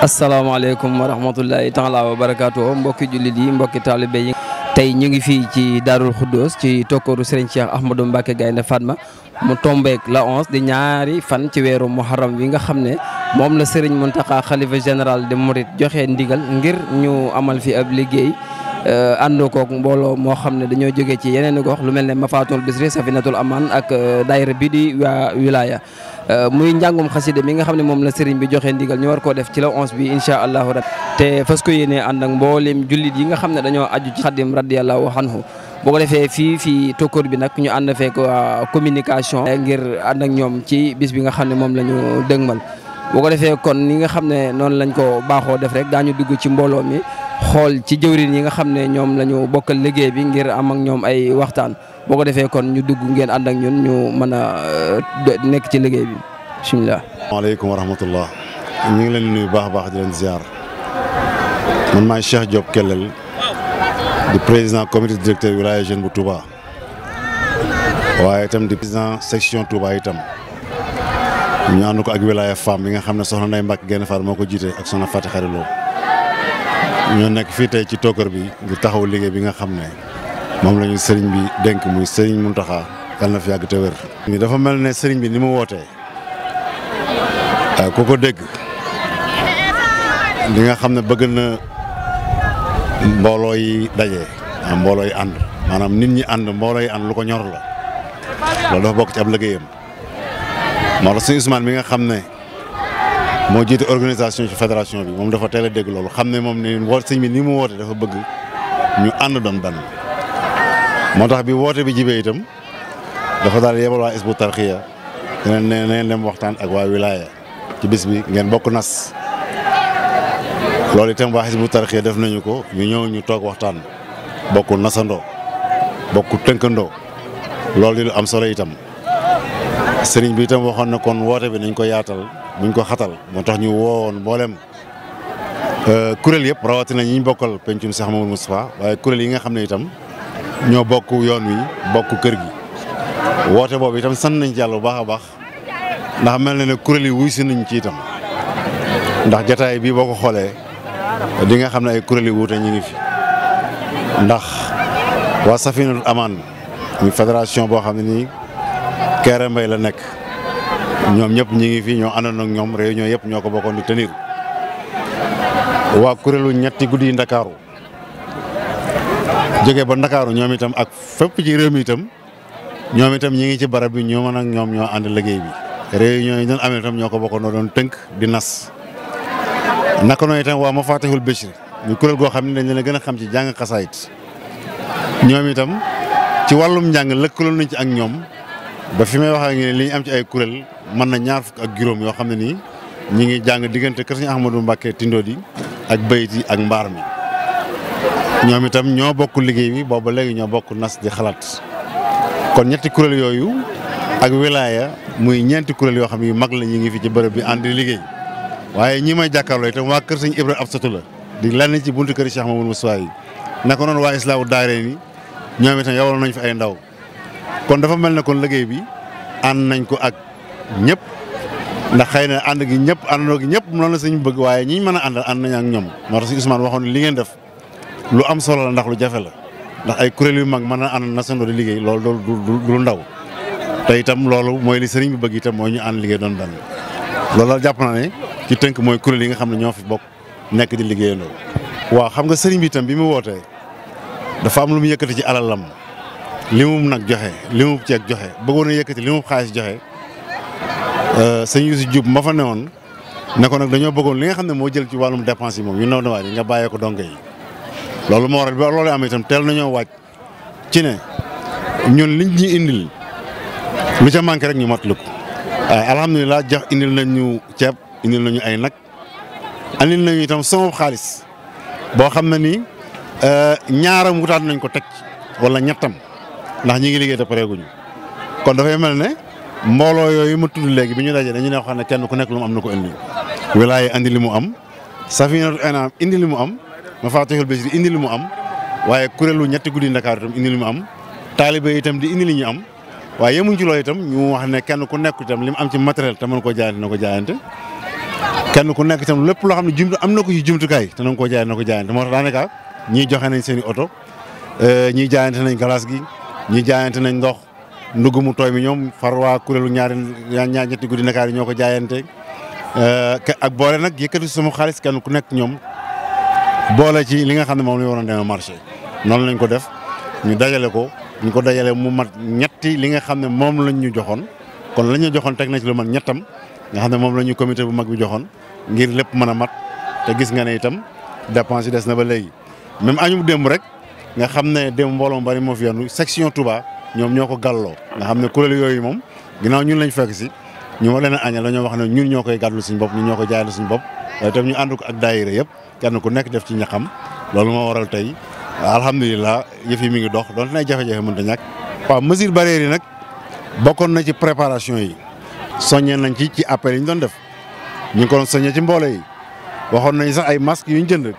asalaamaaleykum wa rahmatullahi taala wa barakaatu mbokki jullit yi mbokki taalibe yi tey ñu ngi fii ci Daarul Xuddoos ci tokkooru Serigne Cheikh Ahmadou Mbacke Gaynde Fatma mu tombeek la di ñaari fan ci weeru muharram wi nga xam ne moom la Serigne Mountakha xalifa général de Mouride joxe ndigal ngir ñu amal fi ab liggéey Euh, ànd koog mbooloo moo xam ne dañoo jógee ci yeneen gox lu mel ne Mafatul Bisri Safinatul Aman ak euh, daayira bi di waa wilaya euh, muy njàngum xaside mi nga xam ne moom la sëriñ bi joxe ndigal ñu war koo def ci la onze bi incha allahu rab te fas ko yéenee ànd ak mboolem jullit yi nga xam ne dañoo aju ci xadim radiyallahu anhu boo ko defee fii fii tokkoor bi nag ñu ànd fekk communication ngir ànd ak ñoom ci bis bi nga xam ne moom la ñu dëgmal boo ko defee kon ni nga xam ne noonu lañ ko baaxoo def rek daañu dugg ci mbooloo mi xool ci jëwrin yi nga xam ne ñoom la ñu bokkal liggéey bi ngir am ak ñoom ay waxtaan boo ko defee kon ñu dugg ngeen ànd ak ñun ñu mën a euh, nekk ci liggéey bi bisimilah. waaleykum wa rahmatullah ñu ngi leen nuyu baax baax di leen ziar man maay Cheikh Diop Kellel di président comité directeur wilaya jeune bu Touba waaye itam di président section Touba itam. ñu ànd ko ak wilaya femme bi nga xam ne soxna Ndeye Mbacke Gaïndé Fatma moo ko jiite ak soxna Fatou Khary Lo ñoo nekk fii tey ci tokkër bi ngir taxaw liggéey bi nga xam ne moom lañuy sëriñ bi dénk muy sëriñ Mountakha yàlla na fi yàgg te wér. dafa mel ne sëriñ bi ni mu wootee ku ko dégg li nga xam ne bëgg na mbooloo yi daje mbooloo yi ànd maanaam nit ñi ànd mbooloo yi ànd lu ko ñor la loolu dafa bokk ci ab liggéeyam. moo tax suñu Ousmane bi nga xam ne moo jiite organisation ci fédération bi moom dafa teel a dégg loolu xam ne moom ni woote sëñ bi ni mu woote dafa bëgg ñu ànd doon benn moo tax bi woote bi jibee itam dafa daal yebal waa Hizbut Tarqiyyah ne neen dem waxtaan ak waa wilaya ci bis bi ngeen bokk nas loolu itam waa Hizbut Tarqiyyah def nañu ko ñu ñëw ñu toog waxtaan bokk nasandoo bokk tënkandoo loolu di am solo itam Ah, sëriñ bi itam woxoon na kon woote bi nañ ko yaatal buñ ko xatal moo tax ñu woowoon mboolem euh, kuréel yëpp rawatina ñi ñu bokkal pencum Cheikh Mamadou Moustapha waaye kuréel yi nga xam ne itam ñoo bokk yoon wi bokk kër gi woote boobu itam sant nañ ci bu baax a baax ndax mel na ne kuréel yi wuy si nañ ci itam ndax jataay bii boo ko xoolee di nga xam ne ay kuréel yi wuute ñu ngi fi ndax waa Safinatul Amaan muy boo xam ne nii Kéré Mbaye la nekk ñoom ñëpp ñu ngi fi ñoo àndoon ak ñoom réunion yëpp ñoo ko bokkoon di tenir waa kuréelu ñetti guddi Ndakaaru jóge ba Ndakaaru ñoom itam ak fépp ci réew mi itam ñoom itam ñi ngi ci barab bi ñoo ñoom ñoo ànd liggéey bi yi doon amee ñoo ko bokkoon doon tënk di nas naka noonu itam waa Mafatihul Bichri ñu kuréel goo xam ne dañ leen a gën a xam ci jàng xasaayit ñoom ci wàllum njàng lëkkaloo nañ ci ak ñoom. ba fi may wax ak li ñu am ci ay kuréel mën na ñaar fukk ak juróom yoo xam ne nii ñi ngi jàng diggante kër Sëñ Ahmadou Mbacké Tindodi ak bayit yi ak mbaar mi ñoom itam ñoo bokk liggéey bi booba léegi ñoo bokk nas di xalaat kon ñetti kuréel yooyu ak wilaya muy ñeenti kuréel yoo xam ne yu mag la ñu ngi fi ci bërëb bi ànd liggéey waaye ñi may jàkkaarloo itam waa kër Sëñ Ibra Absatu la di lan ci buntu kër Cheikh Mamadou Moussa yi naka noonu waa islaamu daare ñoom itam yowal nañ fi ay ndaw kon dafa mel ne kon liggéey bi ànd nañ ko ak ñëpp ndax xëy na ànd gi ñëpp àndandoo gi ñëpp noonu la suñu bëgg waaye ñi mën a àndal ànd nañ ak ñoom moo tax si Ousmane waxoon li ngeen def lu am solo la ndax lu jafe la ndax ay kuréel yu mag mën a ànd nasandoo di liggéey loolu loolu du ndaw te itam loolu mooy li sëriñ bi bëgg itam mooy ñu ànd liggéey doon benn loolu la jàpp naa ne ci tënk mooy kuréel yi nga xam ne ñoo fi bokk nekk di liggéeyandoo waaw xam nga sëriñ bi itam bi mu wootee dafa am lu mu yëkkati ci lam li mu nag joxe li mu ceeg joxe bëggoon a yëkkati li mu xaalis joxe euh, sëñ Youssou jub ma fa newoon ne ko nag dañoo bëggoon li nga xam ne moo jël ci wàllum dépense yi moom yu ndaw ndawaay yi nga bàyyee ko donge loolu moo waral ba loolu am itam teel nañoo waaj ci ne ñun liñ ñu indil lu manqué rek ñu matlu ko euh, alhamdulilah jox indil nañ ñu ceeb indil nañu ay nag indil nañu itam sama xaalis boo xam ne nii euh, ñaaram wutaat nañ ko teg wala ñettam. ndax ñi ngi liggéey te pareeguñu kon dafay mel ne mbooloo yooyu ma tudd léegi bi ñu dajee dañu ne xam ne kenn ku nekk lu mu am na ko indi wilaaya indi li mu am safinatu inaam indi li mu am mafatihul bisri indi li mu am waaye kuréelu ñetti guddi Ndakaaru itam indi li mu am taalibe itam di indi li ñu am waaye yemuñ ci itam ñu wax ne kenn ku nekk itam li mu am ci matériel te mën koo jaayante na ko jaayante kenn ku nekk itam lépp loo xam ne jumtu am na ko ci jumtukaay te na koo jaayante na ko jaayante moo tax daanaka ñii joxe nañ seeni i oto eh, ñii jaayante nañ galaas gi ñi jaayante nañ ndox ndugg mu tooy mi ñoom far waa kuréelu ñaari ñaar ñetti guddi Ndakaar yi ñoo ko jaayante eh, ak boole nag yëkkati suma xaalis kenn ku nekk ñoom boole ci li nga xam ne moom la waroon demee marché noonu lañ ko def ñu dajale ko ñu ko dajale mu mat ñetti li nga xam ne moom lañ ñu joxoon kon lañ ñu joxoon teg na ci lu man ñettam nga xam ne moom la ñu comité bu mag bi joxoon ngir lépp mën a mat te gis nga ne itam dépense yi des na ba léegi même añu démb rek. nga xam ne dem mbooloom bari moo fi yandu section tubaa ñoom ñoo ko gàlloo nga xam ne kuréel yooyu moom ginnaaw ñun lañ fekk si ñu war leen a añal dañoo wax ne ñun ñoo koy gàddul suñu bopp ñun ñoo koy jaayal suñu bopp tam ñu ànd ko ak daayira yëpp kenn ku nekk def ci ñaxam loolu moo waral tey alhamdulilah yëf yi mi ngi dox loolu nay jafe-jafe mënta ñàkk waaw mesure barrière yi nag bokkoon na ci préparation yi soññee nañ ci ci appel yi ñu doon def ñu ngi ko ci mboole yi waxoon nañ sax ay masques yu ñu jënd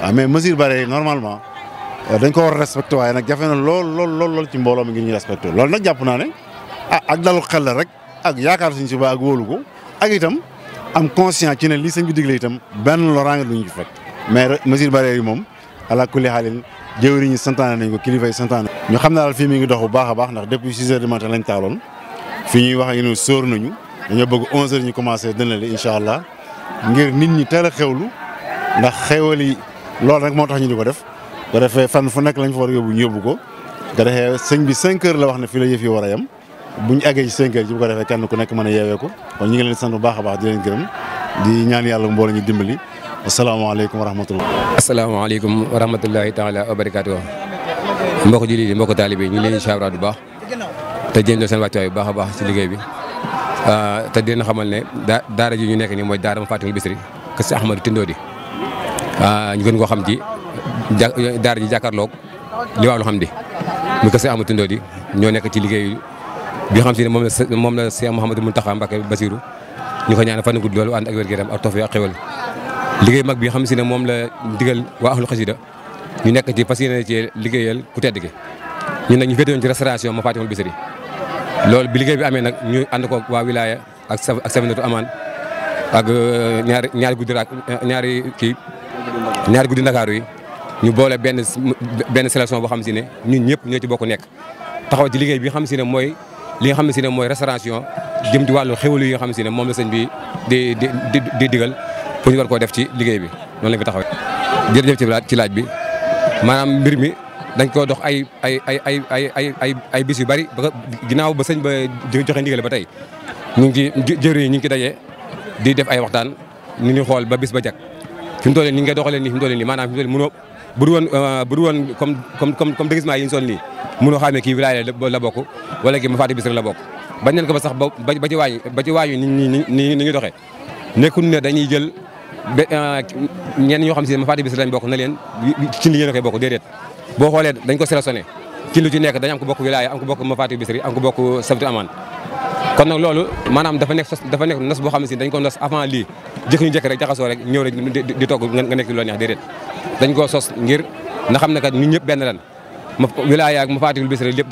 waaw mais mesure barrière yi normalement Eh, dañ ko war a respecté waaye nag jafe na lool lool lool lool ci mbooloo mi ngi ñuy respecté loolu nag jàpp naa ne ah ak xel la rek ak yaakaar suñ si ba ak wóolu ko ak itam am conscient ci ne lii sëñ bi digle itam benn loraange duñ ci fekk mais mesure barrière yi moom ala kulli xaalin jëwriñ ñi santaane nañ ko kilifa yi santaane ñu xam ne daal fii mi ngi dox bu baax a baax ndax depuis six heures du matin taaloon fi ñuy wax ñu ne sóor nañu dañoo bëgg onze heures ñu commencé dënale incha allah ngir nit ñi teel a xewlu ndax xewal yi loolu rek moo tax ñu di ko def bu defee fan fu nekk lañ fa war a yóbbu ñu yóbbu ko nga defee sëñ bi 5 heures la wax ne fii la yëf yi war a bu ñu àggee ci 5 heures ci bu ko defee kenn ku nekk mën a yeewee ko kon ñu leen sant bu a baax di leen gërëm di ñaan yàlla mbooloo ñu dimbali asalaamaaleykum wa rahmatulah. asalaamaaleykum wa rahmatulahi taala wa barakaatu. mbokk jullit yi mbokk taalibe yi ñu ngi leen di saabra bu baax te jëndoo seen wàccuwaay bu baax a baax ci liggéey bi ah, te di xamal ne daara ji ñu nekk nii mooy daara Mafatihul Bichri kër si Ahmadou Tindodi ah, ñu gën koo xam ci ja daara ji jàkkaarloog li waaw loo xam di mu ko Seex Ahmadu Tindodi ñoo nekk ci liggéey bi xam si ne moom la moom la Seex Mouhamadou Mountakha Mbacké Bassirou ñu ko ñaan fan gudd loolu ànd ak wér gu yaram ak tawfeex liggéey mag bi xam si ne moom la digal waa ahlu xasida ñu nekk ci fas yéene ci liggéeyal ku ñun nag ñu féetewoon ci restauration ma Fatimul Bisri loolu bi liggéey bi amee nag ñu ànd ko waa wilaya ak sa ak Safinatu Amaan ak euh, ñaari ñaari guddi raak ñaari ñaari guddi Ndakaaru yi ñu boole benn benn sélection boo xam si ne ñun ñëpp ñoo ci bokk nekk taxaw ci liggéey bi xam si ne mooy li nga xam si mooy mooy restauration jëm ci wàllu xéwal yi nga xam si ne moom la sëñ bi di di di digal pour ñu war koo def ci liggéey bi noonu lañ fi taxawee. jërëjëf ci laaj ci laaj bi maanaam mbir mi dañ koo dox ay ay ay ay ay ay ay bis yu bari ba ginnaaw ba sëñ ba joxe ndigal ba tey ñu ngi ci jëriñ ñu ngi ci daje di def ay waxtaan ñu ngi xool ba bis ba jag fi mu toll nii ñu ngi nii fi mu nii maanaam fi mu toll bu du woon euh, bu du comme comme comme comme déguisement yi ñu sol nii mënoo xamee kii la bokk wala kii ma faati bis rek la bokk ba nañ ko ba sax ba ba ci waañ ba ci waañu ni ni ni ngi doxee nekkul ne dañuy jël euh, ñenn ñoo xam si ma faati bis lañ bokk na leen li ngeen koy bokk déedéet boo xoolee dañ ko sélectionné ci lu ci nekk dañ am ko bokk wilaaya am ko bokk ma faati am ko bokk sabtu amaan kon nag loolu maanaam dafa nekk dafa nekk nos boo xam ne dañ ko nos avant lii jëkk ñu jëkk rek jaxasoo rek ñëw rek di togg nga nekk lu neex déedéet dañ koo sos ngir nga xam ne kat ñëpp benn lan ma wilaaya ak ma faatiwul bis rek lépp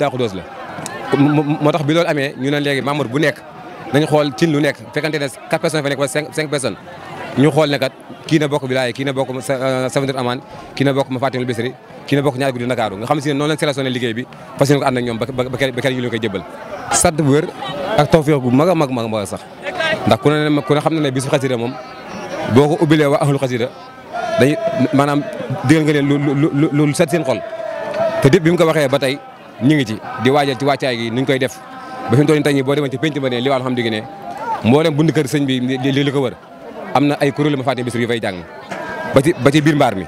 bu nekk dañ xool cin lu nekk fekkante ne quatre fa nekk wala cinq personnes ñu xool ne kat kii na bokk wilaaya kii na bokk saventur euh, aman kii na bokk ma faatiwul bis rek kii na bokk ñaari guddi Ndakaaru nga xam si ne noonu lañ sélectionné liggéey bi fas yéene ko ànd ak ñoom ba ak tawféex gu mag a mag mag mag sax ndax ku a ku xam na ne bisu xasida moom boo ko ubbilee waa ahlu xasida dañuy maanaam digal nga leen lu lu lu lu set seen xol te dépp bi mu ko waxee ba tey ñu ngi ci di waajal ci wàccaay gi nuñ koy def ba fi mu toll nii tey ñii boo demoon ci penc xam ne mboolem bund kër bi li ko wër am na ay kuréel ma fàtte bis yu fay jàng ba ci ba ci biir mbaar mi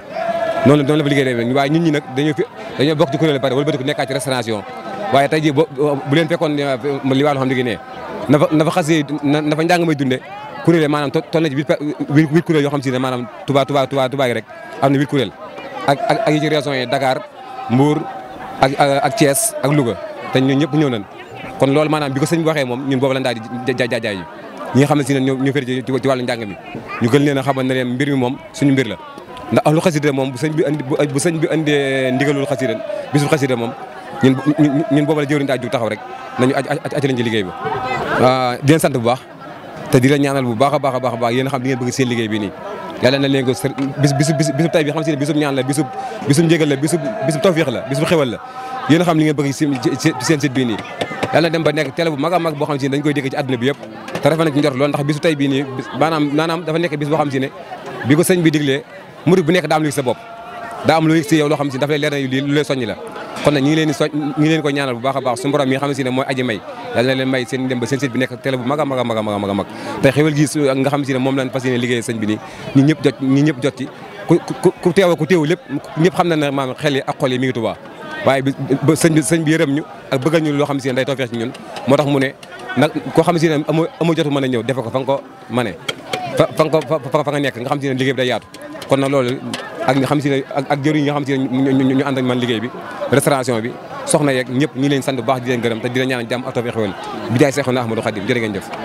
noonu noonu la liggéey demee waaye ñun ñi nag dañoo bokk ci kuréel ba waaye tey jii bu leen fekkoon li wàllu xam ne gi ne na fa na fa xasee njàng may dunde kuréel maanaam toll na ci huit kuréel yoo xam si ne maanaam Touba Touba Touba Touba gi rek am na huit kuréel ak ak ak yi ci régions yi Dakar Mbour ak ak Thiès ak Louga te ñun ñëpp ñëw nañ kon loolu maanaam bi ko sëñ bi waxee moom ñu boobu lañ daal di jaajaay yi ñi nga xam ñu féri ci wàllu njàng mi ñu gën leen a xamal ne leen mbir mi moom suñu mbir la ndax ahlu xasida moom bu sëñ bi andi bu sëñ bi andee ndigalul xasida bisul xasida moom ñun ñun boobu la jëwriñ daa jug taxaw rek nañu aj lañ ci liggéey bi ah, di leen sant bu baax te di ñaanal bu baax a baax a baax yéen xam li ngeen bëgg seen liggéey bi nii yàlla na leen ko bis bisu bisu tay bi xam si ne bisub ñaan la bisub bisub njégal la bisub bisub tawfiix la bisub xewal la yéen xam li ngeen bëgg seen site bii nii yàlla na dem ba nekk télé bu mag a mag boo xam si ne dañ koy dégg ci àdduna bi yëpp te rafet na lool ndax bisu tay bii nii dafa nekk bis boo xam si ne bi ko sëñ bi diglee bu nekk daam lu sa bopp daa am lu yëg si yow loo xam si dafa lay leer na lu lay soññ la kon nag ñi ko ñaanal bu baax a mi xam ne si ne mooy aji may liggéey sëñ bi nii ñi jot ñi jot ci ku teew ku teew lépp ñëpp xam na ne maanaam xel ak xol mi ngi tubaa waaye sëñ bi yërëm ñu ak bëggal ñu loo xam si ne day toofeex ci ñun moo tax mu ne koo xam si ne amoo amoo jotu mën a ñëw defe ko fa ko mane fa fa nga ko fa nga nekk nga xam si ne liggéey bi day yaatu kon nag loolu ak nga xam si ne ak ak jëriñ nga xam si ñu ñu man liggéey bi restauration bi soxna yeeg ñëpp ñu leen sant bu baax di leen gërëm te di leen ñaanal jàmm ak tawfeex xewal na Ahmadou Khadim jërë ngeen jëf